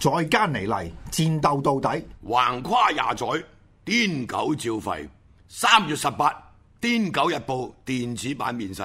再加尼嚟，戰鬥到底，橫跨廿載，癲狗照吠。三月十八，癲狗日報電子版面世。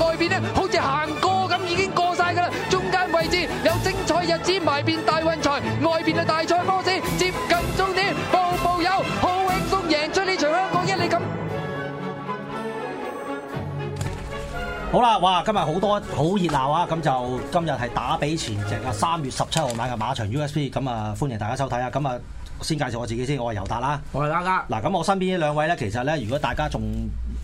外邊咧好似行過咁，已經過晒噶啦。中間位置有精彩日子埋，變大運財。外邊嘅大賽波子，接近終點，步步有，好輕鬆贏出呢場香港一厘金。好啦，哇，今日好多好熱鬧啊！咁就今日係打比前夕啊，三月十七號晚嘅馬場 USB，咁啊歡迎大家收睇啊，咁啊。先介紹我自己先，我係尤達啦。我係 LakLak。嗱，咁我身邊呢兩位咧，其實咧，如果大家仲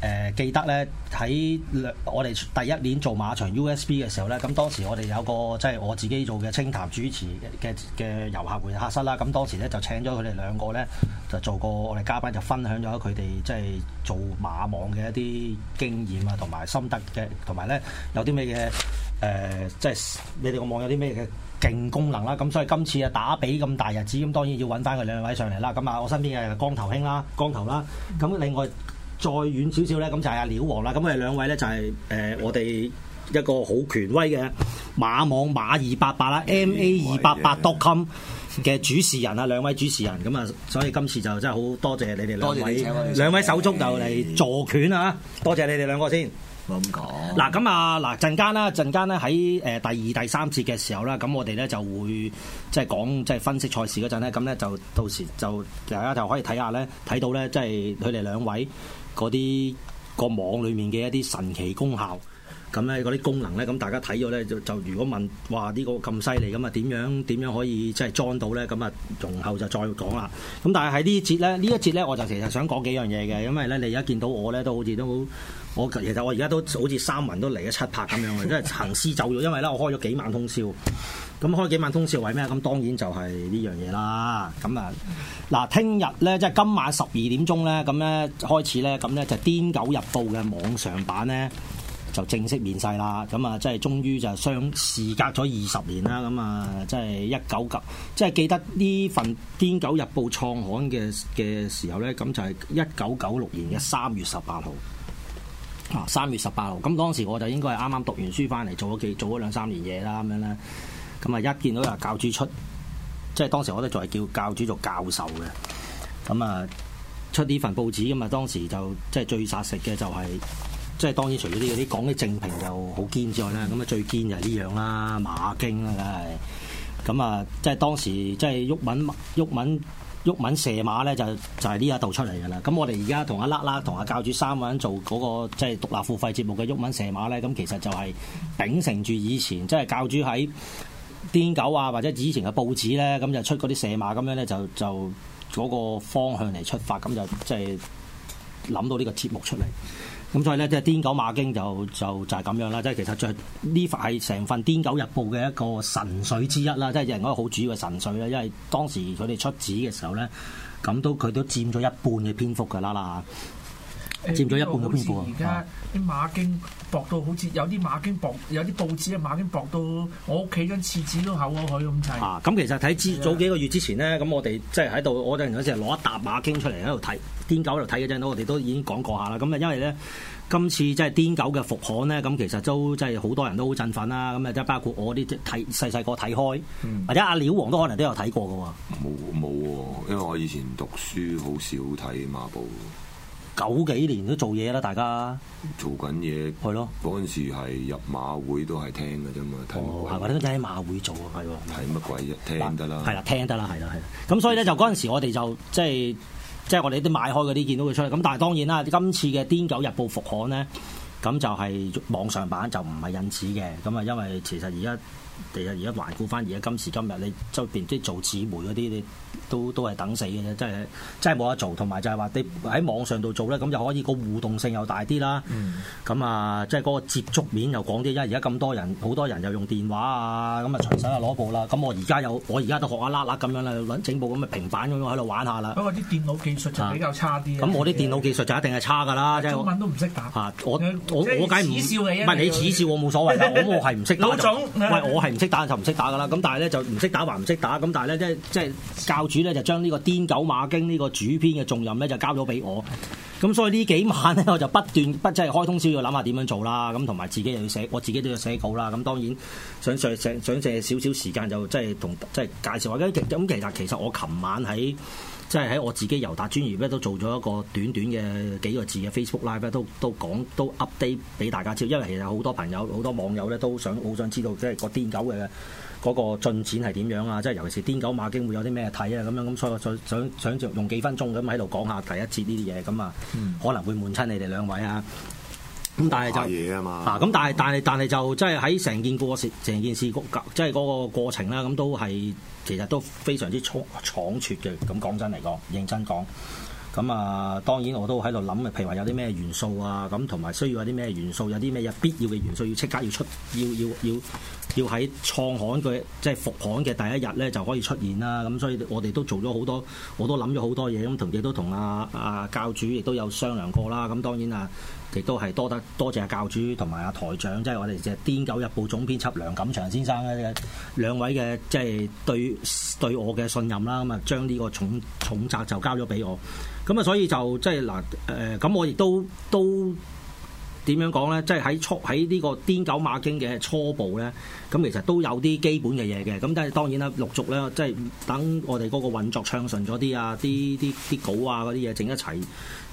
誒記得咧，喺我哋第一年做馬場 USB 嘅時候咧，咁當時我哋有個即係、就是、我自己做嘅清談主持嘅嘅遊客會客室啦，咁當時咧就請咗佢哋兩個咧，就做過我哋嘉賓，就分享咗佢哋即係做馬網嘅一啲經驗啊，同埋心得嘅，同埋咧有啲咩嘅。誒、呃，即係你哋個網有啲咩嘅勁功能啦，咁所以今次啊打比咁大日子，咁當然要揾翻佢兩位上嚟啦。咁啊，我身邊嘅光頭兄啦，光頭啦，咁另外再遠少少咧，咁就係阿料王啦。咁佢哋兩位咧就係、是、誒、呃、我哋一個好權威嘅馬網馬二八八啦，M A 二八八 dot com 嘅主持人啊，兩位主持人。咁啊，所以今次就真係好多謝你哋兩位，兩位手足就嚟助拳啊！多謝你哋兩個先。咁講嗱，咁啊，嗱陣間啦，陣間咧喺誒第二第三節嘅時候咧，咁我哋咧就會即係講即係分析賽事嗰陣咧，咁咧就到時就大家就可以睇下咧，睇到咧即係佢哋兩位嗰啲個網裡面嘅一啲神奇功效。咁咧嗰啲功能咧，咁大家睇咗咧就就，如果問話呢個咁犀利咁啊，點樣點樣可以即係裝到咧？咁啊，容後就再講啦。咁但係喺呢節咧，呢一節咧，我就其實想講幾樣嘢嘅，因為咧你而家見到我咧都好似都我其實我而家都好似三文都嚟咗七拍咁樣嘅，即係行屍走肉。因為咧我開咗幾晚通宵，咁開幾晚通宵為咩？咁當然就係呢樣嘢啦。咁啊嗱，聽日咧即係今晚十二點鐘咧，咁咧開始咧，咁咧就是《癲狗日報》嘅網上版咧。就正式面世啦，咁、嗯、啊，即係終於就相時隔咗二十年啦，咁、嗯、啊，即係一九九，即係記得呢份《癲狗日報》創刊嘅嘅時候呢，咁就係一九九六年嘅三月十八號啊，三月十八號。咁、嗯、當時我就應該係啱啱讀完書翻嚟，做咗幾做咗兩三年嘢啦，咁樣咧，咁啊一見到有教主出，即係當時我哋仲係叫教主做教授嘅，咁、嗯、啊出呢份報紙咁啊，當時就即係最殺食嘅就係、是。即係當然除，除咗呢啲講嘅正評就好堅之外咧，咁啊、嗯、最堅就係呢樣啦，馬經啦，梗係咁啊！即係當時即係毓民，毓民，毓民射馬咧，就就係呢一度出嚟嘅啦。咁我哋而家同阿 LakLak 同阿教主三個人做嗰、嗰個即係獨立付費節目嘅毓民射馬咧，咁其實就係秉承住以前即係教主喺癲狗啊或者以前嘅報紙咧，咁就出嗰啲射馬咁樣咧，就就嗰個方向嚟出發，咁就即係諗到呢個節目出嚟。咁、嗯、所以咧，即係《癲狗馬經》就就就係咁樣啦。即係其實著呢份係成份《癲狗日報》嘅一個神髓之一啦。即係人嗰個好主要嘅神髓啦。因為當時佢哋出紙嘅時候咧，咁都佢都佔咗一半嘅篇幅㗎啦啦。佔咗一半嘅篇幅。而家啲馬經薄到好似有啲馬經薄，啊、有啲報紙啊，馬經薄到我屋企張廁紙都厚過佢咁滯。啊！咁其實睇早幾個月之前咧，咁的我哋即係喺度，我陣時攞一沓馬經出嚟喺度睇，癲狗喺度睇嗰陣，我哋都已經講過下啦。咁啊，因為咧今次即係癲狗嘅復刊咧，咁其實都即係好多人都好振奮啦。咁啊，即係包括我啲睇細細個睇開，嗯、或者阿料王都可能都有睇過噶嘛。冇冇、哦，因為我以前讀書好少睇馬報。九幾年都做嘢啦，大家做緊嘢係咯，嗰陣時係入馬會都係聽嘅啫嘛，睇唔到係咪？都喺、哦、馬會做啊，係喎，係乜鬼啫？聽得啦，係啦，聽得啦，係啦，係啦。咁所以咧，就嗰陣時我哋就即係即係我哋啲買開嗰啲，見到佢出嚟。咁但係當然啦，今次嘅《癲狗日報》復刊咧，咁就係網上版就唔係引子嘅。咁啊，因為其實而家。其實而家環顧翻而家今時今日，你周邊即係做紙媒嗰啲，你都都係等死嘅啫，真係真係冇得做。同埋就係話你喺網上度做咧，咁就可以個互動性又大啲啦。咁啊，即係嗰個接觸面又廣啲。因為而家咁多人，好多人又用電話啊，咁啊隨手就攞部啦。咁我而家有，我而家都學下 LakLak 咁樣啦，揾整部咁嘅平板咁樣喺度玩下啦。不過啲電腦技術就比較差啲。咁我啲電腦技術就一定係差㗎啦，即係中文都唔識打。我我我梗係唔唔係你恥笑我冇所謂啦，我係唔識嗰種喂，我唔識 打就唔識打噶啦，咁但係咧就唔識打還唔識打，咁但係咧即係即係教主咧就將呢個《癲狗馬經》呢個主編嘅重任咧就交咗俾我。咁所以呢幾晚咧，我就不斷不即係開通宵要諗下點樣做啦。咁同埋自己又要寫，我自己都要寫稿啦。咁當然想借想借少少時間就就，就即係同即係介紹下。咁其實其實我琴晚喺即係喺我自己尤達專業咧，都做咗一個短短嘅幾個字嘅 Facebook Live 咧，都都講都 update 俾大家知。因為其實好多朋友好多網友咧都想好想知道，即係個癲狗嘅。嗰個進展係點樣啊？即係尤其是癲狗馬經會有啲咩睇啊？咁樣咁，所以我想想想用幾分鐘咁喺度講下第一次呢啲嘢，咁啊，可能會悶親你哋兩位啊。咁但係就、嗯、嘛啊，咁但係但係但係就即係喺成件過事，成件事即係嗰個過程啦，咁、嗯、都係其實都非常之倉促嘅。咁講真嚟講，認真講。咁啊，當然我都喺度諗嘅，譬如話有啲咩元素啊，咁同埋需要有啲咩元素，有啲咩嘢必要嘅元素要即刻要出，要要要要喺創刊嘅即係復刊嘅第一日咧就可以出現啦。咁所以，我哋都做咗好多，我都諗咗好多嘢。咁同嘢都同阿阿教主亦都有商量過啦。咁當然啊，亦都係多得多謝阿教主同埋阿台長，即係我哋隻《癲狗日報》總編輯梁錦祥先生呢兩位嘅即係對對我嘅信任啦。咁啊，將呢個重重責就交咗俾我。咁啊、嗯，所以就即係嗱，誒、呃，咁、呃、我亦都都。都點樣講咧？即係喺初喺呢個癲狗馬經嘅初步咧，咁其實都有啲基本嘅嘢嘅。咁即係當然啦，陸續咧，即係等我哋嗰個運作暢順咗啲啊，啲啲啲稿啊嗰啲嘢整一齊，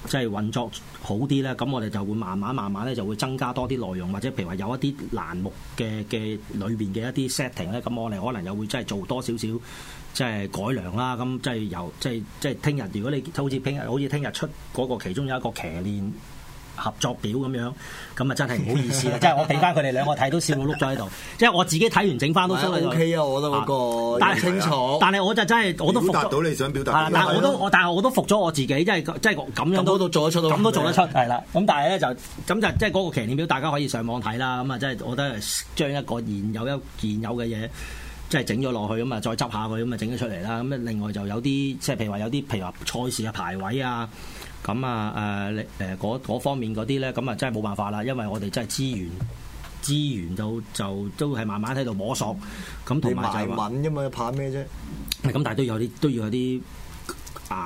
即係運作好啲咧，咁我哋就會慢慢慢慢咧就會增加多啲內容，或者譬如話有一啲欄目嘅嘅裏邊嘅一啲 setting 咧，咁我哋可能又會真係做多少少即係改良啦。咁即係由即係即係聽日，如果你好似聽日好似聽日出嗰個其中有一個騎練。合作表咁樣，咁啊真係唔好意思啦，即係我俾翻佢哋兩個睇都笑碌碌咗喺度，即係我自己睇完整翻都都 OK 啊，我覺得嗰個清楚。但係我就真係我都服到你想表達。但係我都我但係我都服咗我自己，即係即係咁樣。咁都做得出，咁都做得出。係啦，咁但係咧就咁就即係嗰個騎呢表，大家可以上網睇啦。咁啊即係，我都係將一個現有一現有嘅嘢，即係整咗落去咁啊，再執下佢咁啊，整咗出嚟啦。咁另外就有啲即係譬如話有啲譬如話賽事嘅排位啊。咁啊誒誒嗰方面嗰啲咧，咁啊真係冇辦法啦，因為我哋真係資源資源就就都係慢慢喺度摸索。咁同埋就係、是、話，你埋揾啫嘛，怕咩啫？咁，但係都有啲都要有啲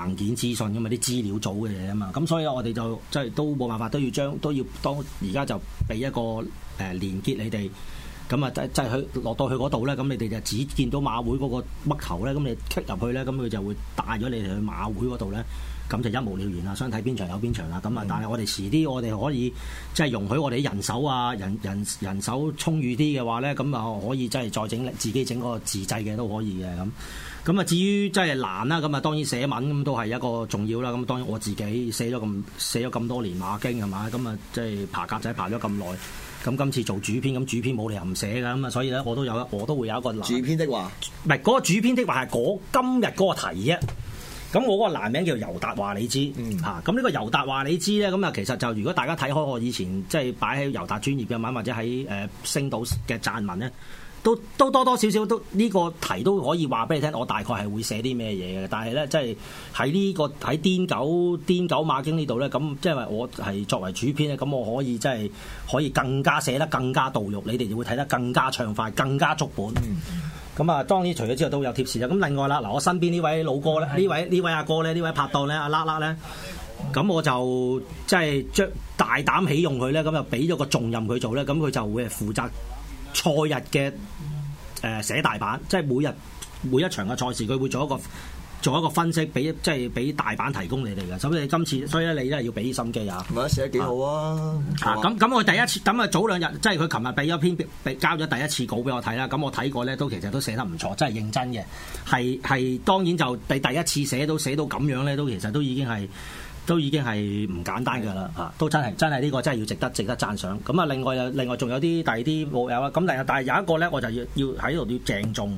硬件資訊噶嘛，啲資料組嘅嘢啊嘛。咁所以我哋就真係都冇辦法，都要將都要當而家就俾一個誒連結你哋。咁啊，即即係去落到去嗰度咧，咁你哋就只見到馬會嗰個乜頭咧，咁你 click 入去咧，咁佢就會帶咗你哋去馬會嗰度咧。咁就一目了然啦，想睇邊場有邊場啦。咁啊，但係我哋遲啲，我哋可以即係容許我哋人手啊，人人人手充裕啲嘅話咧，咁啊可以即係再整自己整個自製嘅都可以嘅咁。咁啊，至於即係難啦，咁啊當然寫文咁都係一個重要啦。咁當然我自己寫咗咁寫咗咁多年馬經係嘛，咁啊即係爬格仔爬咗咁耐，咁今次做主編，咁主編冇理由唔寫㗎。咁啊，所以咧我都有，我都會有一個。主編的話，唔係嗰個主編的話係嗰今日嗰個題啫。咁我嗰個男名叫尤達話你知嚇，咁呢、嗯、個尤達話你知咧，咁啊其實就如果大家睇開我以前即係擺喺尤達專業嘅文或者喺誒、呃、星島嘅撰文咧，都都多多少少都呢、呢個題都可以話俾你聽，我大概係會寫啲咩嘢嘅。但係咧，即係喺呢個喺、呢個《癲狗癲狗馬經》呢度咧，咁即係我係作為主編咧，咁我可以即係、即係、可以更加寫得更加到肉，你哋就會睇得更加暢快，更加足本。嗯咁啊，當然除咗之後都有貼士啦。咁另外啦，嗱，我身邊呢位老哥咧，呢的位呢位阿哥咧，呢位拍檔咧，阿拉拉咧，咁我就即係將大膽起用佢咧，咁就俾咗個重任佢做咧，咁佢就會負責賽日嘅誒、呃、寫大版，即、就、係、是、每日每一場嘅賽事，佢會做一個，做一個分析，俾即係俾大版提供你哋嘅，所以你今次，所以咧你咧要俾心機啊。咪寫得幾好啊！啊， 咁咁我第一次，咁啊早兩日，即係佢琴日俾咗篇，俾交咗第一次稿俾我睇啦。咁我睇過咧，都其實都寫得唔錯，真係認真嘅。係係，當然就第第一次寫都寫到咁樣咧，都其實都已經係，都已經係唔簡單㗎啦。嚇，都真係真係呢個真係要值得值得讚賞。咁啊，另外另外仲有啲第二啲冇友啊，咁但係但係有一個咧，我就要要喺度要鄭重。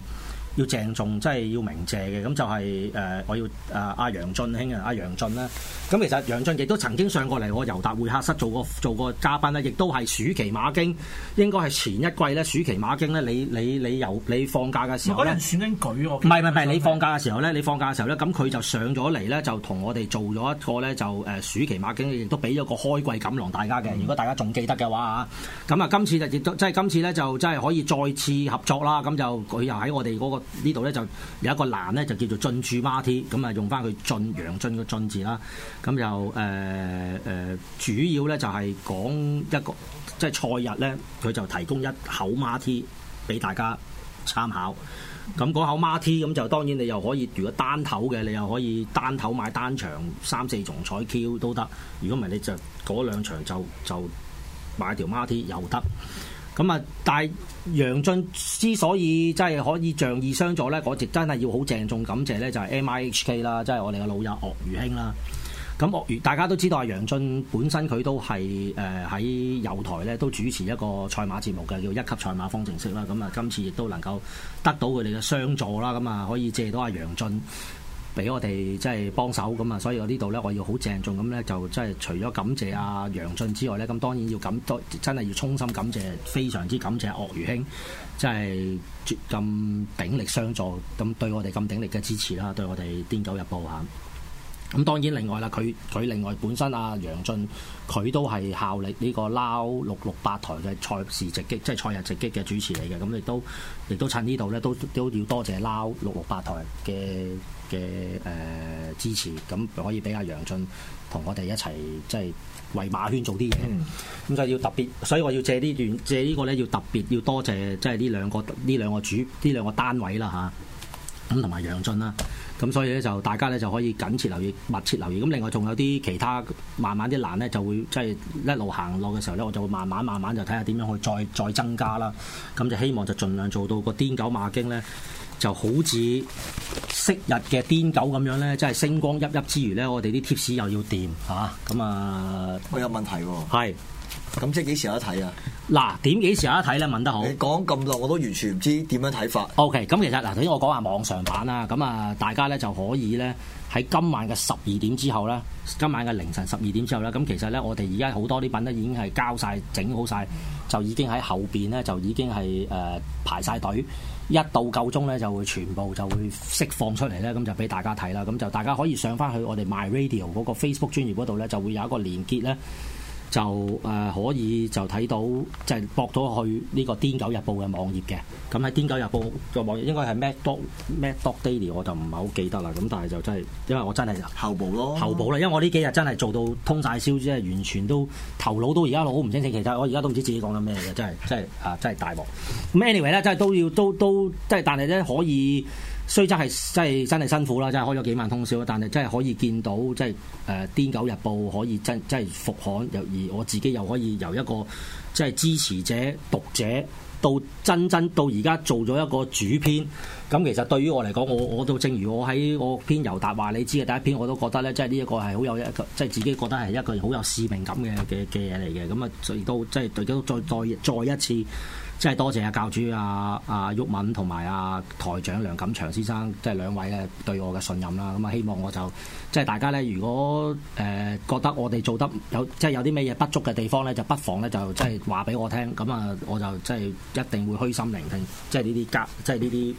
要鄭重，即係要鳴謝嘅，咁就係、是、誒、呃，我要誒阿、呃、楊俊興啊，阿楊俊啦。咁其實楊俊亦都曾經上過嚟我尤達會客室做過做過嘉賓啦，亦都係暑期馬經，應該係前一季咧，暑期馬經咧，你你你由你放假嘅時候咧，選緊舉喎，唔係唔係，你放假嘅時候咧，你放假嘅時候咧，咁佢就上咗嚟咧，就同我哋做咗一個咧，就誒暑期馬經，亦都俾咗個開季錦囊大家嘅。嗯、如果大家仲記得嘅話啊，咁啊，今次就亦都即係今次咧，就真係可以再次合作啦。咁就佢又喺我哋嗰、那個。呢度咧就有一個欄咧，就叫做進駐馬蹄，咁啊用翻佢進羊進嘅進字啦。咁就誒誒、呃呃，主要咧就係講一個即係賽日咧，佢就提供一口馬蹄俾大家參考。咁嗰口馬蹄咁就當然你又可以，如果單頭嘅你又可以單頭買單場三四重彩 Q 都得。如果唔係你就嗰兩場就就買條馬蹄又得。咁啊！但係楊俊之所以真係可以仗義相助咧，我直真係要好鄭重感謝咧，就係 M I H K 啦，即係我哋嘅老友鱷魚兄啦。咁鱷魚大家都知道，啊，楊俊本身佢都係誒喺有台咧都主持一個賽馬節目嘅，叫一級賽馬方程式啦。咁啊，今次亦都能夠得到佢哋嘅相助啦，咁啊可以借到阿楊俊。俾我哋即係幫手咁啊，所以我呢度呢，我要好鄭重咁呢，就即係除咗感謝阿、啊、楊俊之外呢。咁當然要感多真係要衷心感謝，非常之感謝岳如興，即係咁鼎力相助，咁對我哋咁鼎力嘅支持啦，對我哋《癲狗日報》啊！咁當然，另外啦，佢佢另外本身啊，楊俊佢都係效力呢個撈六六八台嘅賽事直擊，即係賽日直擊嘅主持嚟嘅。咁亦都亦都趁呢度咧，都都要多謝撈六六八台嘅嘅誒支持。咁可以俾阿楊俊同我哋一齊即係為馬圈做啲嘢。咁就、嗯、要特別，所以我要借呢段借呢段借呢個咧，要特別要多謝即係呢兩個呢兩個主呢兩個單位啦嚇。咁同埋楊俊啦。咁所以咧就大家咧就可以緊切留意、密切留意。咁另外仲有啲其他慢慢啲難咧就會即係、就是、一路行落嘅時候咧，我就會慢慢慢慢就睇下點樣去再再增加啦。咁就希望就盡量做到個癲狗馬經咧，就好似昔日嘅癲狗咁樣咧，即係星光熠熠之餘咧，我哋啲貼士又要掂嚇。咁啊，啊我有問題喎。係。咁即係幾時有得睇啊？嗱，點幾時有得睇咧？問得好。你講咁耐，我都完全唔知點樣睇法。O K，咁其實嗱，頭先我講下網上版啦。咁啊，大家咧就可以咧喺今晚嘅十二點之後咧，今晚嘅凌晨十二點之後咧，咁其實咧我哋而家好多啲品咧已經係交晒、整好晒，就已經喺後邊咧就已經係誒排晒隊，一到夠鐘咧就會全部就會釋放出嚟咧，咁就俾大家睇啦。咁就大家可以上翻去我哋 My Radio 嗰個 Facebook 專頁嗰度咧，就會有一個連結咧。就誒、呃、可以就睇到即係駁咗去呢、這個《癲狗日報》嘅網頁嘅，咁、嗯、喺《癲狗日報》嘅網頁應該係 Mad Dog Mad Dog Daily，我就唔係好記得啦。咁但係就真係因為我真係後補咯，後補啦。因為我呢幾日真係做到通晒燒，真係完全都頭腦都而家好唔清醒。其實我而家都唔知自己講緊咩嘅，真係真係啊，真係大鑊。咁 anyway 咧，真係都要都都即係，但係咧可以。雖則係真係真係辛苦啦，真係開咗幾晚通宵，但係真係可以見到，即係誒《癲狗日報》可以真真係復刊，又而我自己又可以由一個即係支持者、讀者到真真到而家做咗一個主編。咁其實對於我嚟講，我我都正如我喺我篇《尤達話你知》嘅第一篇，我都覺得咧，即係呢一個係好有一即係自己覺得係一個好有使命感嘅嘅嘅嘢嚟嘅。咁啊，最都即係最多再再再一次。即係多謝啊教主啊、啊毓民同埋阿台長梁錦祥先生，即係兩位咧對我嘅信任啦。咁啊，希望我就即係大家咧，如果誒覺得我哋做得有即係有啲咩嘢不足嘅地方咧，就不妨咧就即係話俾我聽。咁啊，我就即係一定會虛心聆聽，即係呢啲交，即係呢啲。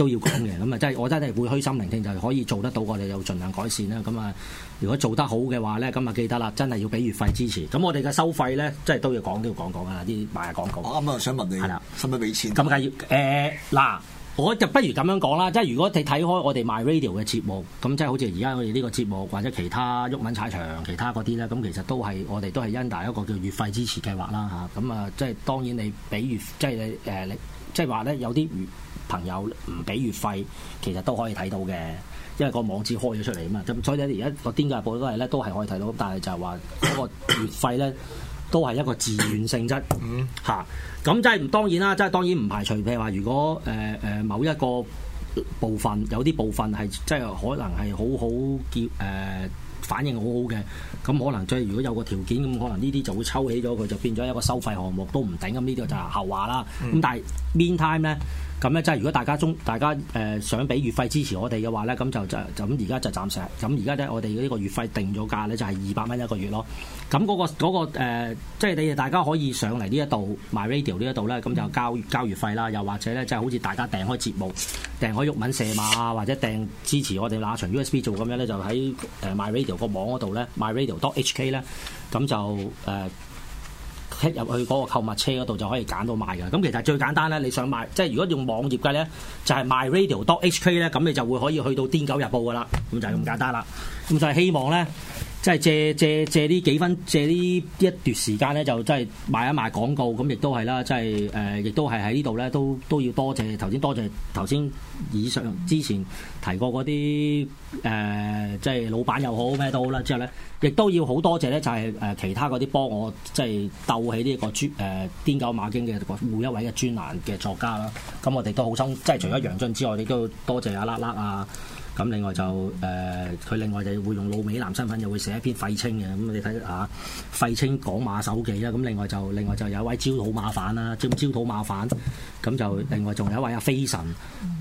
都要講嘅，咁啊真係我真係會虛心聆聽，就係、是、可以做得到，我哋就盡量改善啦。咁啊，如果做得好嘅話咧，咁啊記得啦，真係要俾月費支持。咁我哋嘅收費咧，真係都要講都要講講啊，啲賣廣告。我啱啱想問你，係啦的，使唔使俾錢？咁梗要誒嗱。呃我就不如咁樣講啦，即係如果你睇開我哋 MyRadio 嘅節目，咁即係好似而家我哋呢個節目或者其他毓民踩場其他嗰啲咧，咁其實都係我哋都係 under 一個叫月費支持計劃啦嚇，咁啊即係當然你俾月即係、就是、你誒你即係話咧有啲月朋友唔俾月費，其實都可以睇到嘅，因為個網址開咗出嚟嘛，咁所以咧而家個《癲狗日報》都係咧都係可以睇到，但係就係話嗰個月費咧。 都係一個自願性質嚇，咁、嗯啊、即係當然啦，即係當然唔排除，譬如話如果誒誒、呃、某一個部分有啲部分係即係可能係好好結誒、呃、反應好好嘅，咁、嗯、可能即係如果有個條件，咁可能呢啲就會抽起咗佢，就變咗一個收費項目都唔定咁，呢、嗯、啲、嗯、就係後話啦。咁但係 mean time 咧。咁咧，即係如果大家中，大家誒想俾月費支持我哋嘅話咧，咁就就咁而家就暫時。咁而家咧，我哋呢個月費定咗價咧，就係二百蚊一個月咯。咁嗰個、嗰個誒，即係你哋大家可以上嚟呢一度 MyRadio 呢一度咧，咁就交交月費啦。又或者咧，即係好似大家訂開節目，訂開玉文社馬或者訂支持我哋馬場 USB 做咁樣咧，就喺誒 MyRadio 個網嗰度咧，MyRadio.hk 咧，咁就誒。入去嗰個購物車嗰度就可以揀到賣嘅，咁其實最簡單咧，你想買，即係如果用網頁嘅咧，就係 m r a d i o h k 咧，咁你就會可以去到《天狗日報》噶啦，咁就係咁簡單啦，咁就係希望咧。即係借借借啲幾分借呢一段時間咧，就即係賣一賣廣告，咁亦都係啦。即係誒，亦、呃、都係喺呢度咧，都都要多謝頭先多謝頭先以上之前提過嗰啲誒，即、呃、係、就是、老闆又好咩都好啦。之後咧，亦都要好多謝咧，就係、是、誒、呃、其他嗰啲幫我即係、就是、鬥起呢個專誒、呃、癲狗馬經嘅每一位嘅專欄嘅作家啦。咁我哋都好心，即、就、係、是、除咗楊俊之外，亦都多謝阿粒粒啊。呃呃呃咁另外就誒，佢、呃、另外就會用老美男身份，又會寫一篇廢青嘅。咁你睇下廢青講馬手記啦。咁另外就另外就有一位焦土馬粉啦，焦焦土馬粉。咁就另外仲有一位阿飛神。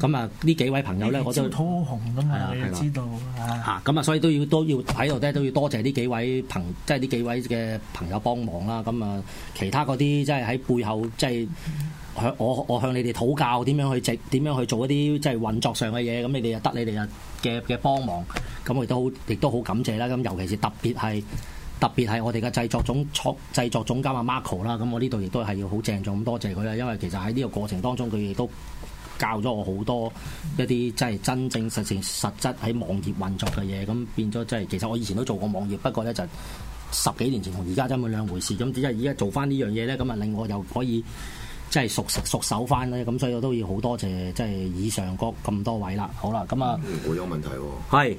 咁啊，呢幾位朋友咧，嗯、我都焦土紅㗎嘛，啊、知道嚇。咁啊，所以都要都要喺度咧，都要多謝呢幾位朋，即係呢幾位嘅朋友幫忙啦。咁啊，其他嗰啲即係喺背後即係。就是嗯我，我向你哋討教點樣去製點樣去做一啲即係運作上嘅嘢。咁你哋又得你哋嘅嘅幫忙，咁我亦都好，亦都好感謝啦。咁尤其是特別係特別係我哋嘅製作總創製作總監阿 Marco 啦。咁我呢度亦都係要好鄭重咁多謝佢啦。因為其實喺呢個過程當中，佢亦都教咗我好多一啲即係真正實情實質喺網頁運作嘅嘢。咁變咗即係其實我以前都做過網頁，不過咧就十幾年前同而家真係兩回事。咁只係而家做翻呢樣嘢咧，咁啊令我又可以。即係熟熟手翻咧，咁所以我都要好多謝，即係以上各咁多位啦。好啦，咁啊、嗯，我有問題喎、哦。係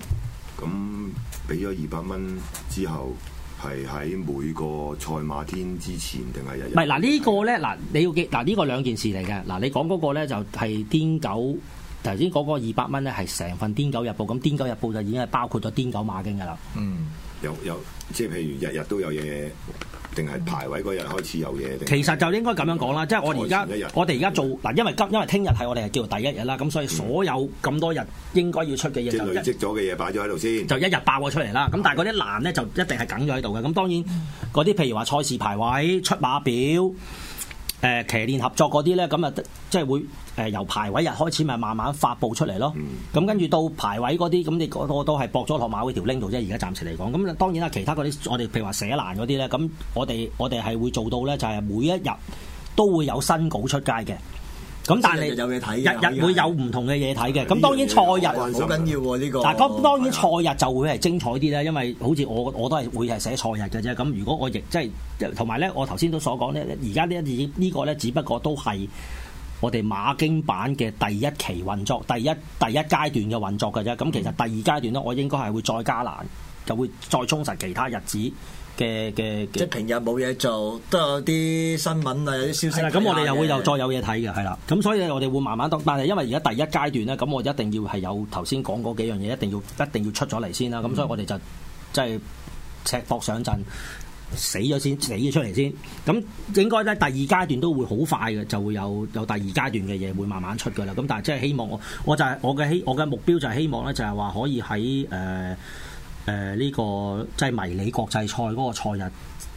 咁俾咗二百蚊之後，係喺每個賽馬天之前定係日日？唔係嗱，呢個咧嗱，你要記嗱呢個兩件事嚟嘅嗱。你講嗰個咧就係癲狗頭先講嗰個二百蚊咧，係成份癲狗日報咁，癲狗日報就已經係包括咗癲狗馬經噶啦。嗯。有有，即係譬如日日都有嘢，定係排位嗰日開始有嘢。其實就應該咁樣講啦，嗯、即係我而家我哋而家做嗱，因為今因為聽日係我哋係叫做第一日啦，咁所以所有咁多日應該要出嘅嘢、嗯、就日累積咗嘅嘢擺咗喺度先，就一日爆咗出嚟啦。咁、嗯、但係嗰啲欄呢就一定係梗咗喺度嘅。咁當然嗰啲、嗯、譬如話賽事排位、出馬表。誒、呃、騎練合作嗰啲咧，咁、嗯、啊即係會誒、呃、由排位日開始，咪慢慢發布出嚟咯。咁、嗯、跟住到排位嗰啲，咁你我，我都係駁咗落馬會條 link 度啫。而家暫時嚟講，咁當然啦，其他嗰啲我哋譬如話寫難嗰啲咧，咁我哋我哋係會做到咧，就係、是、每一日都會有新稿出街嘅。咁但係日日會有唔同嘅嘢睇嘅，咁的當然賽日好緊要喎、呢個。呢個嗱，當當然賽日就會係精彩啲咧，因為好似我我都係會係寫賽日嘅啫。咁如果我亦即係同埋咧，我頭先都所講咧，而家呢呢個咧，只不過都係我哋馬經版嘅第一期運作第一第一階段嘅運作嘅啫。咁其實第二階段咧，我應該係會再加難，就會再充實其他日子，嘅嘅即係平日冇嘢做，都有啲新聞啊，有啲消息啊的，咁我哋又會又的再有嘢睇嘅，係啦。咁所以咧，我哋會慢慢得。但係因為而家第一階段咧，咁我一定要係有頭先講嗰幾樣嘢，一定要一定要出咗嚟先啦。咁、嗯、所以我哋就即係、就是、赤膊上陣，死咗先，死咗出嚟先。咁應該咧，第二階段都會好快嘅，就會有有第二階段嘅嘢會慢慢出噶啦。咁但係即係希望我我就係、是、我嘅希我嘅目標就係希望咧，就係話可以喺誒。呃誒呢個即係迷你國際賽嗰個賽日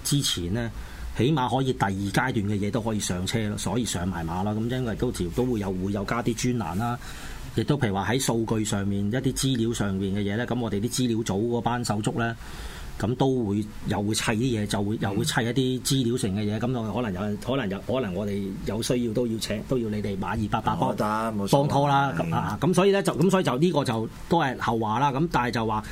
之前呢，起碼可以第二階段嘅嘢都可以上車咯，所以上埋馬啦。咁因為都條都會又會有加啲專欄啦，亦都譬如話喺數據上面一啲資料上面嘅嘢呢。咁我哋啲資料組嗰班手足呢，咁都會又會砌啲嘢，就會又會砌一啲資料性嘅嘢。咁就可能有，可能有，可能我哋有需要都要請，都要你哋馬二八八幫拖啦。冇錯，幫拖啦。咁所以呢，就咁，所以就呢個就都係後話啦。咁但係就話。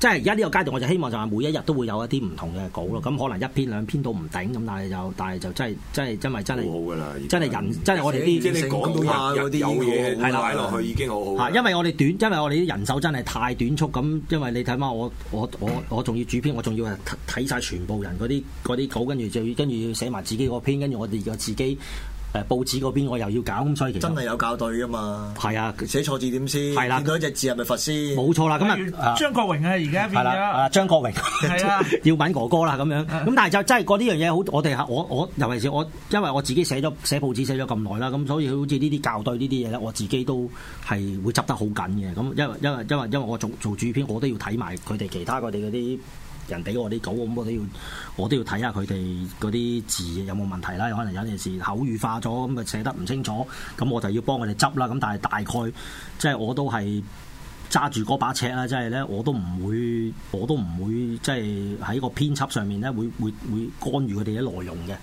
即係而家呢個階段，我就希望就係每一日都會有一啲唔同嘅稿咯。咁、嗯嗯、可能一篇兩篇都唔頂咁，但係就但係就真係真係真係真係好好㗎啦！真係人現在 真係我哋啲即係你講日日到下有啲嘢係擺落去已經好好。對因為我哋短，因為我哋啲人手真係太短促。咁因為你睇下，我我我我仲要主編，我仲要係睇晒全部人嗰啲嗰啲稿，跟住就要跟住要寫埋自己個篇，跟住我哋而家自己。誒報紙嗰邊我又要搞，咁所以其實真係有校對噶嘛。係啊，寫錯字點先？係啦、啊，見到一隻字係咪佛先？冇錯啦，咁啊張國榮啊，而家邊係啦，張國榮係、啊、 要問哥哥啦咁樣。咁、啊、但係就真係講呢樣嘢，好我哋嚇我我，尤其是我，因為我自己寫咗寫報紙寫咗咁耐啦，咁所以好似呢啲校對呢啲嘢咧，我自己都係會執得好緊嘅。咁因為因為因為因為我做做主編，我都要睇埋佢哋其他佢哋嗰啲。人俾我啲稿，我咁我都要，我都要睇下佢哋嗰啲字有冇問題啦。可能有陣時口語化咗，咁咪寫得唔清楚，咁我就要幫佢哋執啦。咁但係大概即係、就是、我都係揸住嗰把尺啦，即係咧我都唔會，我都唔會即係喺個編輯上面咧會會會干預佢哋嘅內容嘅。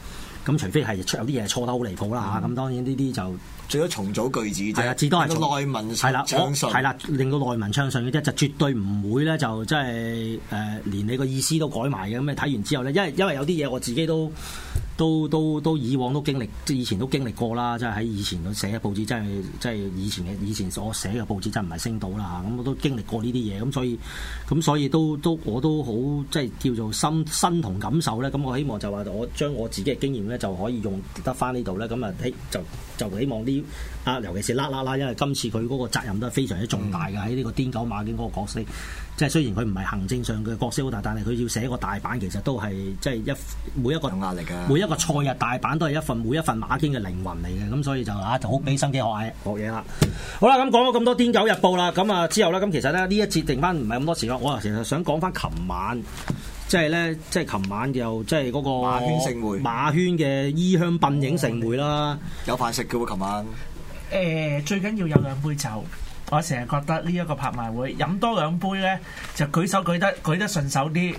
咁除非係有啲嘢錯得好離譜啦吓，咁、嗯、當然呢啲就最多重組句子啫，至多係內文係啦，係啦了順，令到內文暢順嘅啫，就絕對唔會咧就即係誒連你個意思都改埋嘅，咁你睇完之後咧，因為因為有啲嘢我自己都。都都都以往都經歷，即以前都經歷過啦。即係喺以前佢寫嘅報紙，真係即係以前嘅以前所寫嘅報紙，真係唔係升到啦。咁我都經歷過呢啲嘢，咁所以咁所以都都我都好即係叫做身身同感受咧。咁我希望就話我將我自己嘅經驗咧，就可以用得翻呢度咧。咁啊，就就希望啲啊，尤其是啦啦啦，因為今次佢嗰個責任都係非常之重大㗎，喺呢個癲狗馬警嗰個角色。即係雖然佢唔係行政上嘅角色好大，但係佢要寫個大版，其實都係即係一每一個有壓力㗎，一個賽日大阪都係一份，每一份馬圈嘅靈魂嚟嘅。咁所以就啊，就好畀心機學嘢，學嘢啦。好啦，咁講咗咁多癲狗日報啦，咁啊之後咧，咁其實咧呢一節定翻唔係咁多時間，我啊其實想講翻琴晚，即係咧，即係琴晚又即係嗰個馬圈盛會，馬圈嘅衣香鬢影盛會啦，哦、有飯食嘅喎，琴晚。誒、呃，最緊要有兩杯酒。我成日覺得呢一個拍賣會飲多兩杯咧，就舉手舉得舉得順手啲，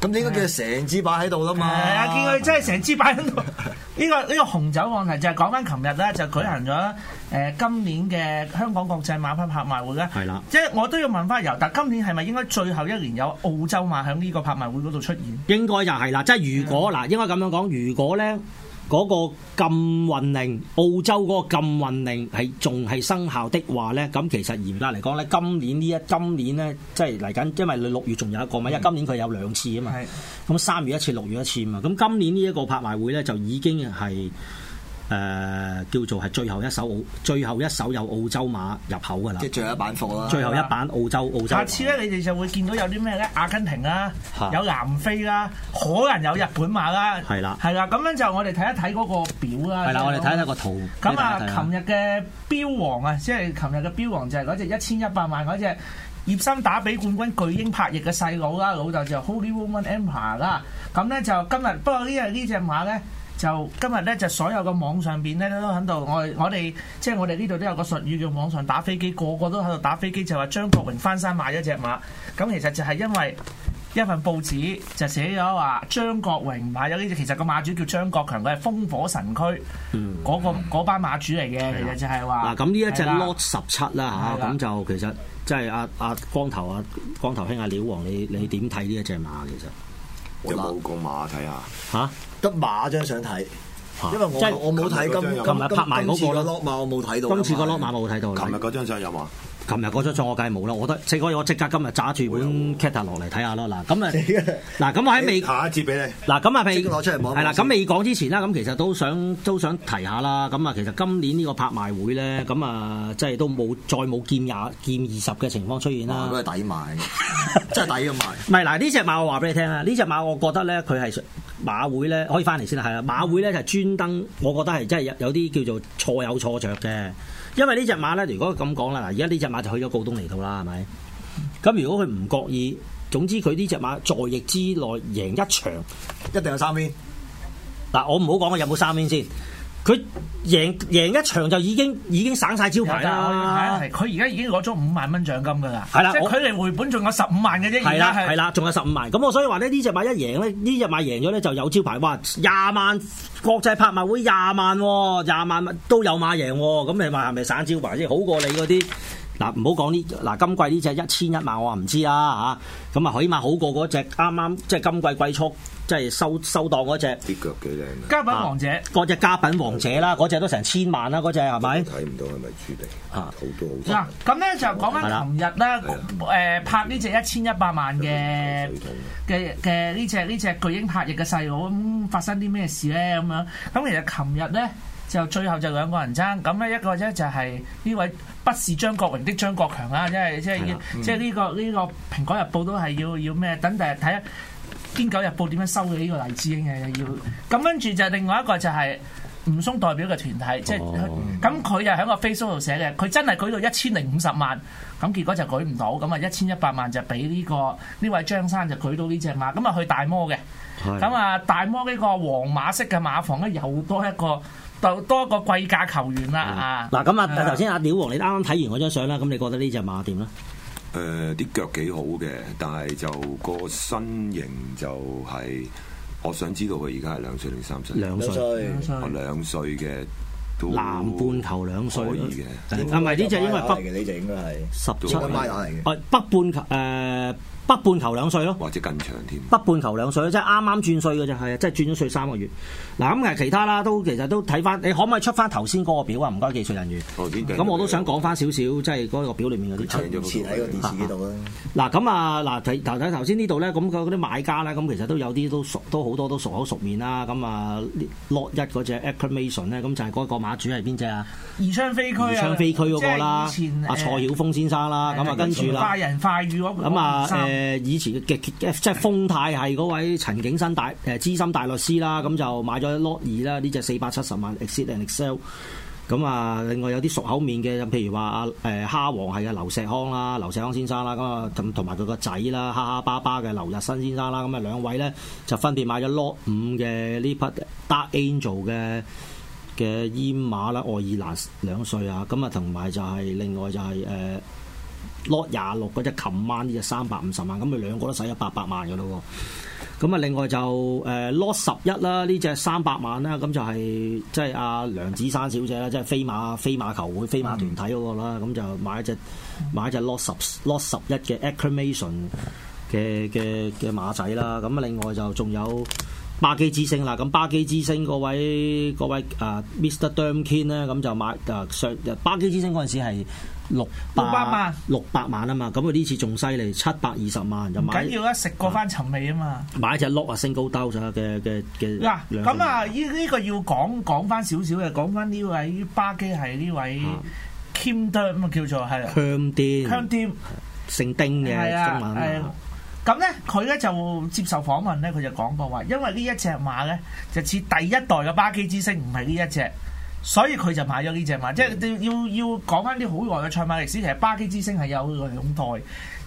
咁應該叫成支擺喺度啦嘛。係啊，見佢真係成支擺喺度。呢、 呢個呢、呢個紅酒問題就係、是、講翻琴日咧，就舉行咗誒、呃、今年嘅香港國際馬匹拍賣會咧。係啦的，即係我都要問翻尤達，但今年係咪應該最後一年有澳洲馬響呢個拍賣會嗰度出現？應該又係啦，即係如果嗱，是的 應該咁樣講，如果咧。嗰個禁運令，澳洲嗰個禁運令係仲係生效的話呢，咁其實嚴格嚟講呢，今年呢一今年呢，即係嚟緊，因為你六月仲有一個嘛，因為今年佢有兩次啊嘛，咁三是的 月一次，六月一次啊嘛，咁今年呢一個拍賣會呢，就已經係。誒、呃、叫做係最後一手澳，最後一手有澳洲馬入口㗎啦。即係最後一版貨啦。最後一版澳洲澳洲。下次咧，你哋就會見到有啲咩咧？阿根廷啦、啊，啊、有南非啦、啊，可能有日本馬啦、啊。係啦的，係啦。咁樣就我哋睇一睇嗰個表啦。係啦的，我哋睇一睇個圖。咁啊，琴日嘅標王啊，即係琴日嘅標王就係嗰隻一千一百萬嗰隻，葉森打比冠軍巨鷹拍翼嘅細佬啦，老豆就 Holy Woman Empire 啦。咁咧就今日，不過隻馬呢個呢隻馬咧。就今日咧，就所有個網上邊咧都喺度，我、就是、我哋即係我哋呢度都有個術語叫網上打飛機，個個都喺度打飛機，就話張國榮翻山買咗隻馬。咁其實就係因為一份報紙就寫咗話張國榮買咗呢隻，其實個馬主叫張國強，佢係烽火神駒嗰、那個嗯那個、班馬主嚟嘅。的其實就係話，嗱咁呢一隻 lot 十七啦嚇，咁、啊、就其實即係阿阿光頭阿、啊、光頭兄阿料、啊、王，你你點睇呢一隻馬其實？有冇個馬睇下，嚇得、啊、馬張相睇，因為我、啊、我冇睇、就是、今琴日拍埋嗰個咯。今，今次個駱馬我冇睇到，今次個駱馬冇睇到。今，琴日嗰張相有冇？琴日嗰出錯我計冇啦，我覺得，我我即刻今日揸住本 cat 落嚟睇下咯。嗱，咁啊，嗱，咁我喺未， 下一次俾你。嗱，咁啊，譬如攞出嚟摸。係啦，咁未講之前啦，咁其實都想都想提下啦。咁啊，其實今年呢個拍賣會咧，咁啊，即係都冇再冇見廿見二十嘅情況出現啦。嗰個、啊、抵買， 真係抵咁買。唔係嗱，呢隻馬我話俾你聽啊，呢隻 馬我覺得咧，佢係馬會咧可以翻嚟先啦。係啊，馬會咧就係專登，我覺得係真係有啲叫做錯有錯着嘅。因為呢隻馬咧，如果咁講啦，嗱，而家呢隻馬就去咗告東尼度啦，係咪？咁如果佢唔覺意，總之佢呢隻馬在役之內贏一場，一定有三邊。嗱，我唔好講我有冇三邊先。佢贏贏一場就已經已經省晒招，招牌啦！佢而家已經攞咗五萬蚊獎金噶啦，係啦，即係佢離回本仲有十五萬嘅啫。係啦係啦，仲有十五萬。咁我所以話咧，呢隻馬一贏咧，呢隻馬贏咗咧就有招牌。哇，廿萬國際拍賣會廿萬，廿萬都、哦、有馬贏、哦，咁你話係咪省招牌即係好過你嗰啲？嗱，唔好講呢，嗱今季呢隻一千一萬我話唔知啊。嚇、啊，咁啊起碼好過嗰隻啱啱即係今季季初即係收收檔嗰隻，腳幾靚啊！嘉品王者，嗰隻嘉品王者啦，嗰隻的都成千萬啦，嗰隻係咪？睇唔到係咪註定啊？好多好。嗱、啊，咁、嗯、咧就講翻琴日啦，誒、啊、拍呢隻一千一百萬嘅嘅嘅呢隻呢隻巨鷹拍翼嘅細佬，咁、嗯、發生啲咩事咧？咁樣，咁其實琴日咧。就最後就兩個人爭，咁呢一個咧就係呢位不是張國榮的張國強啦。即係即係即係呢個呢、嗯呢個《蘋果日報》都係要要咩？等第日睇《癲狗日報》點樣收嘅呢個黎智英嘅要。咁跟住就另外一個就係吳松代表嘅團體，即係咁佢就喺個 Facebook 度寫嘅，佢真係舉到一千零五十萬，咁結果就舉唔到，咁啊一千一百萬就俾呢、呢個呢位張生就舉到呢隻馬，咁啊去大摩嘅。咁啊是的 大摩呢個黃馬式嘅馬房咧又多一個。就多一個貴價球員啦啊！嗱咁啊，頭先阿料王，你啱啱睇完嗰張相啦，咁你覺得隻呢隻馬點咧？誒、呃，啲腳幾好嘅，但係就個身形就係、是，我想知道佢而家係兩歲定三歲，哦？兩歲，兩歲，兩歲嘅，南半球兩歲可以，啊唔係，呢隻是是應該北嘅，呢隻應該係十七馬大嚟嘅，北半球誒。呃北半球兩歲咯，或者更長添。北半球兩歲，即係啱啱轉歲嘅就係，即係轉咗歲三個月。嗱，咁誒其他啦，都其實都睇翻，你可唔可以出翻頭先嗰個表啊？唔該，技術人員。咁，那我，我都想講翻少少，即係嗰個表裏面嗰啲。黐喺的個電視機度啦。嗱，咁啊，嗱睇頭睇頭先呢度咧，咁佢嗰啲買家咧，咁其實都有啲都熟，都好多都熟口熟面啦。咁啊，落一嗰隻 Acclamation 咧，咁、啊、就係嗰個馬主係邊隻啊？宜昌飛區啊，宜昌飛區嗰個啦，阿蔡曉峰先生啦，咁啊跟住啦，快人快語嗰個誒以前嘅即係豐泰係嗰位陳景生大誒、呃、資深大律師啦，咁就買咗 LOT 二啦，呢隻四百七十萬 Exceed and Excel 咁啊，另外有啲熟口面嘅，就譬如話啊，誒、呃、蝦王係啊，劉石康啦，劉石康先生啦，咁啊同同埋佢個仔啦，蝦蝦巴巴嘅劉日新先生啦，咁啊兩位咧就分別買咗 LOT 五嘅呢匹 Dark Angel 嘅嘅煙馬啦，愛爾蘭兩歲啊。咁啊，同埋就係、是、另外就係、是、誒。呃 Lot 廿六嗰隻琴晚呢隻三百五十萬，咁佢兩個都使咗八百萬嘅咯喎。咁啊，另外就誒 Lot 十一啦，呢隻三百萬啦，咁就係即係阿梁子珊小姐啦，即、就、係、是、飛馬飛馬球會飛馬團體嗰、那個啦，咁、嗯、就買一隻買一隻 Lot Lot 十一嘅 Acclamation 嘅嘅嘅馬仔啦。咁啊，另外就仲有。巴基之星啦，咁巴基之星嗰位嗰位啊，Mr. Kerm Din 咧，咁就買啊上，巴基之星嗰陣時係六百萬，六百萬啊嘛，咁佢呢次仲犀利，七百二十萬就買。緊要一食過翻尋味啊嘛。買隻碌啊，升高兜上嘅嘅嘅。咁啊，依、呢、呢個要講講翻少少嘅，講翻呢位巴基係呢位、啊、Kerm Din 咁叫做係香啲，香丁，姓丁嘅，中文啊。的的咁咧，佢咧就接受訪問咧，佢就講過話，因為呢一隻馬咧就似第一代嘅巴基之星，唔係呢一隻，所以佢就買咗呢隻馬。即係要要講翻啲好耐嘅賽馬歷史，其實巴基之星係有兩代，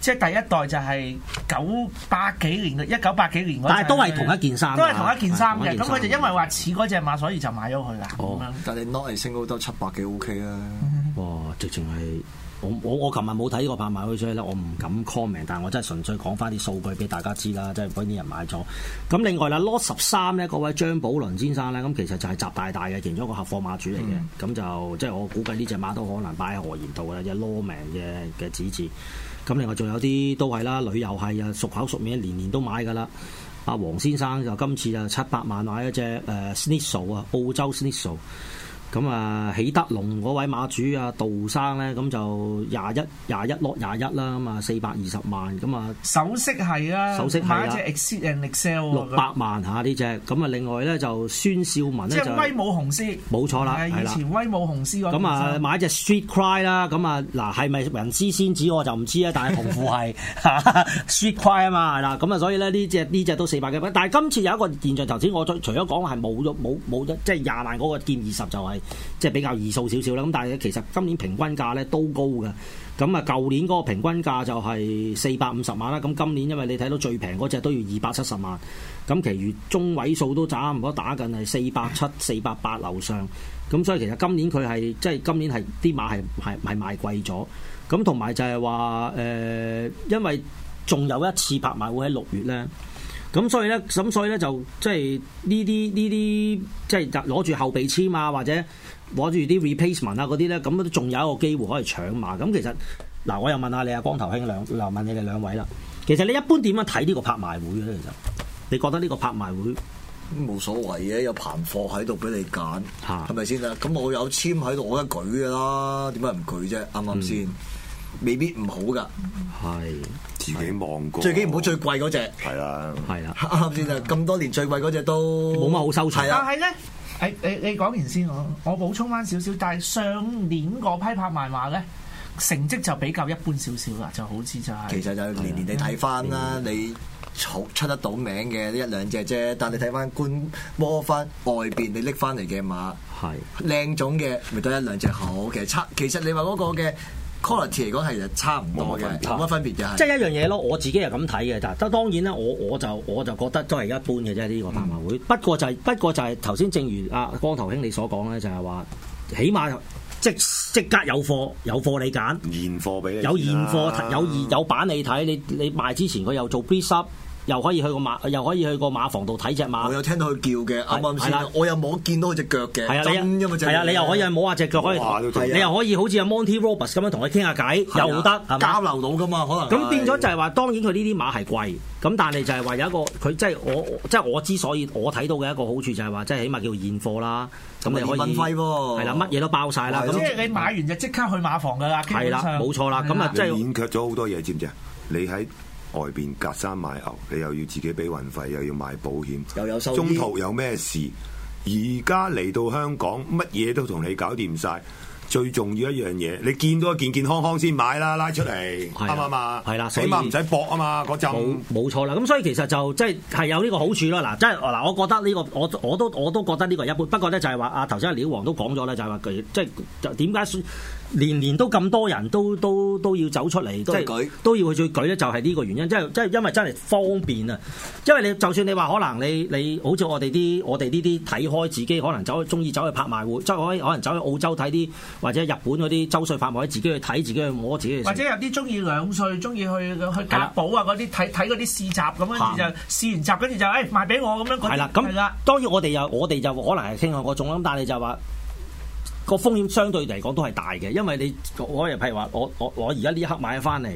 即係第一代就係九八幾年嘅一九八幾年嗰代。但係都係同一件衫，都係同一件衫嘅。咁佢就因為話似嗰隻馬，所以就買咗佢啦。咁樣，但係你 not 係升咗多七百幾 OK 啦。哇，直情係。我我琴日冇睇呢個拍賣會所以咧，我唔敢 comment，但係我真係純粹講翻啲數據俾大家知啦，即係嗰啲人買咗。咁另外啦，lot 13咧，嗰位張寶麟先生咧，咁其實就係集大大嘅其中一個合夥馬主嚟嘅，咁、嗯、就即係我估計呢隻馬都可能擺喺河源度嘅，一 loss 名嘅嘅指示。咁另外仲有啲都係啦，旅遊係啊，熟口熟面，年年都買㗎啦。阿黃先生就今次就七百萬買一隻誒 Snizzle 啊，呃、Sn le, 澳洲 Snizzle。咁啊，喜德龍嗰位馬主啊，杜生咧，咁就廿一廿一落廿一啦，咁啊四百二十萬，咁啊首飾係啊，首飾買一隻 Exceed And Excel 六百萬嚇呢隻，咁啊另外咧就孫少文咧，即係威武雄獅，冇錯啦，係啦，以前威武雄獅，咁啊買一隻 Street Cry 啦，咁啊嗱係咪人之仙子我就唔知啊？但係同父係 Street Cry 啊嘛，嗱，咁啊所以咧呢隻呢隻都四百幾蚊，但係今次有一個現象，頭先我再除咗講係冇咗冇冇即係廿萬嗰個見二十就係。即係比較易數少少啦，咁但係其實今年平均價呢都高嘅。咁啊，舊年嗰個平均價就係四百五十萬啦。咁今年因為你睇到最平嗰隻都要二百七十萬，咁其餘中位數都差唔多，打緊係四百七、四百八樓上。咁所以其實今年佢係即係今年係啲馬係係係賣貴咗。咁同埋就係話誒，因為仲有一次拍賣會喺六月呢。咁所以咧，咁所以咧就即係呢啲呢啲即係攞住後備籤啊，或者攞住啲 replacement 啊嗰啲咧，咁都仲有一個機會可以搶馬。咁其實嗱，我又問下你阿光頭兄兩，嗱問，問你哋兩位啦。其實你一般點樣睇呢個拍賣會咧？其實，你覺得呢個拍賣會冇所謂嘅，有盤貨喺度俾你揀，係咪先啊？咁我有籤喺度，我梗係舉噶啦，點解唔舉啫？啱啱先？嗯、未必唔好噶。係。自己望過，最緊要唔好最貴嗰隻的，係啦，係啦，啱先啊，咁多年最貴嗰隻都冇乜好收差啦是的。但係咧，誒你你講完先我，我補充翻少少，但係上年嗰批拍賣會咧，成績就比較一般少少啦，就好似就係、是、其實就年年你睇翻啦，的你出得到名嘅呢一兩隻啫，但你睇翻觀摸翻外邊你拎翻嚟嘅馬，係靚是的 種嘅，咪得一兩隻好嘅。測其實你話嗰個嘅。quality 嚟講係其實差唔多嘅，冇乜分，分別就即係一樣嘢咯，我自己係咁睇嘅，但係當然啦，我我就我就覺得都係一般嘅啫，呢、這個拍賣會、嗯不就是。不過就係不過就係頭先，正如阿、啊、光頭兄你所講咧，就係話，起碼即即刻有貨，有貨你揀現貨俾你，有現貨、啊、有現有版你睇，你你賣之前佢又做 p r e s u b 又可以去個馬，又可以去個馬房度睇隻馬。我有聽到佢叫嘅，係啦，我又冇見到佢隻腳嘅，真噶嘛？係啊，你又可以摸下隻腳，可以你又可以好似阿 Monty Roberts 咁樣同佢傾下偈，又得交流到噶嘛？可能咁變咗就係話，當然佢呢啲馬係貴，咁但係就係話有一個，佢即係我即係我之所以我睇到嘅一個好處就係話，即係起碼叫現貨啦。咁你可以運費係啦，乜嘢都包晒啦。即係你買完就即刻去馬房噶啦，係啦，冇錯啦。咁啊，即係免卻咗好多嘢，知唔知啊？你喺外邊隔山買牛，你又要自己俾運費，又要買保險，又有收。中途有咩事？而家嚟到香港，乜嘢都同你搞掂晒。最重要一樣嘢，你見到一健健康康先買啦，拉出嚟啱啊嘛。係啦，起碼唔使搏啊嘛，嗰陣冇冇錯啦。咁所以其實就即係係有呢個好處啦。嗱，即係嗱，我覺得呢個我我都我都覺得呢個一般。不過咧就係話，阿頭先阿廖王都講咗啦，就係話其即就點解？年年都咁多人都都都要走出嚟，都，即舉都要去再舉咧，就係呢個原因，即係即係因為真係方便啊！因為你就算你話可能你你，好似我哋啲我哋呢啲睇開自己，可能走去中意走去拍賣會，即係可可能走去澳洲睇啲或者日本嗰啲週歲拍賣，自己去睇，自己去摸，自己去。或者有啲中意兩歲，中意去去揀寶啊嗰啲睇睇嗰啲試集咁樣，就試完集跟住就誒，賣俾我咁樣。係啦，咁當然我哋又我哋就可能係傾向嗰種咁，但係就話。個風險相對嚟講都係大嘅，因為你我係譬如話，我我我而家呢一刻買咗翻嚟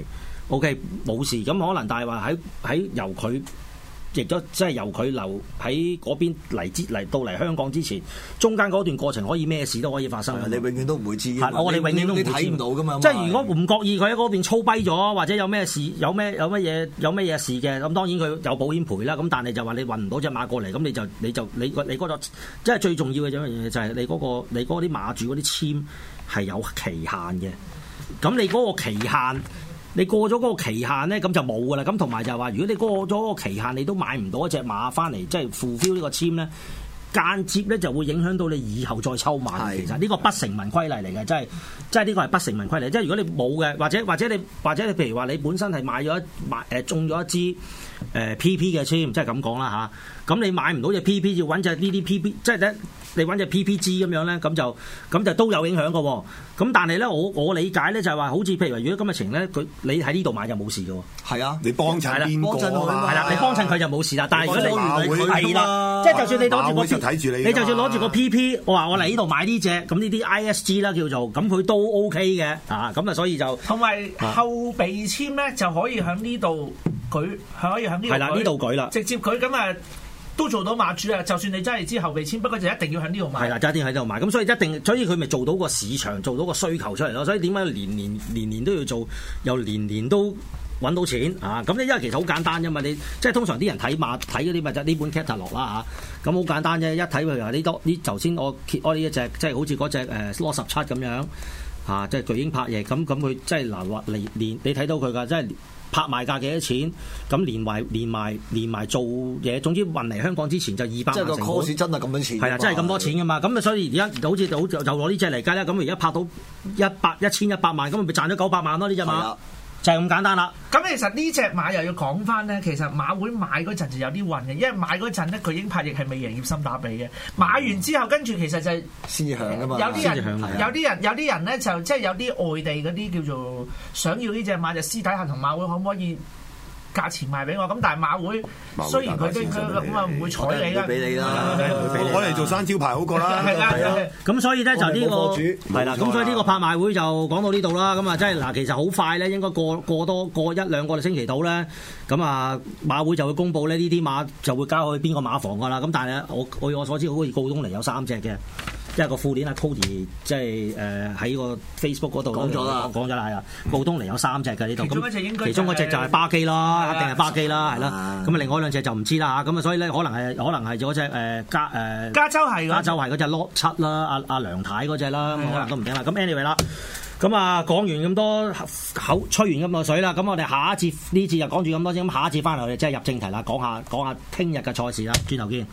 ，OK 冇事，咁可能但係話喺喺由佢。亦都即係由佢留喺嗰邊嚟之嚟到嚟香港之前，中間嗰段過程可以咩事都可以發生嘅。嗯嗯、你永遠都唔會知，是你我哋永遠都睇唔到噶嘛。即係如果唔覺意佢喺嗰邊操跛咗，或者有咩事、有咩有乜嘢、有乜嘢事嘅，咁當然佢有保險賠啦。咁但係就話你運唔到隻馬過嚟，咁你就你就你你、嗰個、嗰個，即係最重要嘅一樣嘢就係你嗰個你嗰啲馬主嗰啲籤係有期限嘅。咁你嗰個期限。你過咗嗰個期限咧，咁就冇噶啦。咁同埋就係話，如果你過咗嗰個期限，你都買唔到一隻馬翻嚟，即係 fulfill 呢個籤咧，間接咧就會影響到你以後再抽馬。其實呢個不成文規例嚟嘅，即係即係呢個係不成文規例。即係如果你冇嘅，或者或者你或者你譬如話你本身係買咗一買誒中咗一支誒 PP 嘅籤，即係咁講啦嚇。咁你買唔到隻 PP，要揾隻呢啲 PP，即係咧你揾隻 PPG 咁樣咧，咁就咁就都有影響嘅喎。咁但係咧，我我理解咧就係話，好似譬如話，如果今日情咧佢你喺呢度買就冇事嘅喎。係啊，你幫襯邊個啊？係啦，你幫襯佢就冇事啦。但係如果你係啦，即係就算你攞住個先，你就算攞住個 PP，我話我嚟呢度買呢隻咁呢啲 ISG 啦叫做，咁佢都 OK 嘅啊。咁啊，所以就同埋後備籤咧，就可以喺呢度舉，係可以喺呢度。係啦，呢度舉啦，直接舉咁啊！都做到馬主啊！就算你真係之後備籤，不過就一定要喺呢度買。係啦，揸啲喺度買。咁所以一定，所以佢咪做到個市場，做到個需求出嚟咯。所以點解年年年年都要做，又年年都揾到錢啊？咁咧，因為其實好簡單啫嘛。你即係通常啲人睇馬睇嗰啲咪就呢本 catalog 啦、啊、嚇，咁好簡單啫。一睇佢，如呢多呢頭先我揭開呢一隻，即係好似嗰隻誒 loss 七咁樣嚇、啊，即係巨影拍嘢咁，咁佢即係嗱或嚟連你睇到佢噶，即係。拍賣價幾多錢？咁連埋連埋連埋做嘢，總之運嚟香港之前就二百萬。即係個 cost 真係咁多錢。係的啊，真係咁多錢噶嘛？咁啊，所以而家就好似就好就攞呢隻嚟計啦。咁而家拍到一百一千一百萬，咁咪賺咗九百萬咯？呢隻馬。就咁簡單啦。咁其實呢隻馬又要講翻咧，其實馬會買嗰陣就有啲運嘅，因為買嗰陣咧佢已經拍翼係未贏葉森打比嘅。買完之後跟住其實就先至響啊嘛。有啲人有啲人有啲人咧就即係、就是、有啲外地嗰啲叫做想要呢隻馬就私底下同馬會，可唔可以？價錢賣俾我，咁但係馬會雖然佢咧咁啊唔會睬你啦，攞嚟做生招牌好過啦。係啊，咁所以咧就呢個係啦。咁所以呢個拍賣會就講到呢度啦。咁啊，即係嗱，其實好快咧，應該過過多過一兩個星期到咧。咁啊，馬會就會公佈咧呢啲馬就會交去邊個馬房㗎啦。咁但係咧，我我我所知好似告東尼有三隻嘅。即係個副年阿 Cody 即、就、係、是、誒喺、呃、個 Facebook 嗰度講咗了啦，啦，講咗啦，布東尼有三隻嘅呢度，其中嗰隻就係、是、巴基啦，一定係巴基啦，係啦。咁、嗯、另外兩隻就唔知啦咁啊，所以咧，可能係可能係隻誒加誒、呃、加州係加州係嗰隻 L 七啦，阿、呃、阿、呃、梁太嗰隻啦，是的 可能都唔驚啦。咁 anyway 啦，咁啊講完咁多口吹完咁多水啦，咁我哋下一次呢次就講住咁多先，咁下一次翻嚟我哋即係入正題啦，講下講下聽日嘅賽事啦，轉頭見。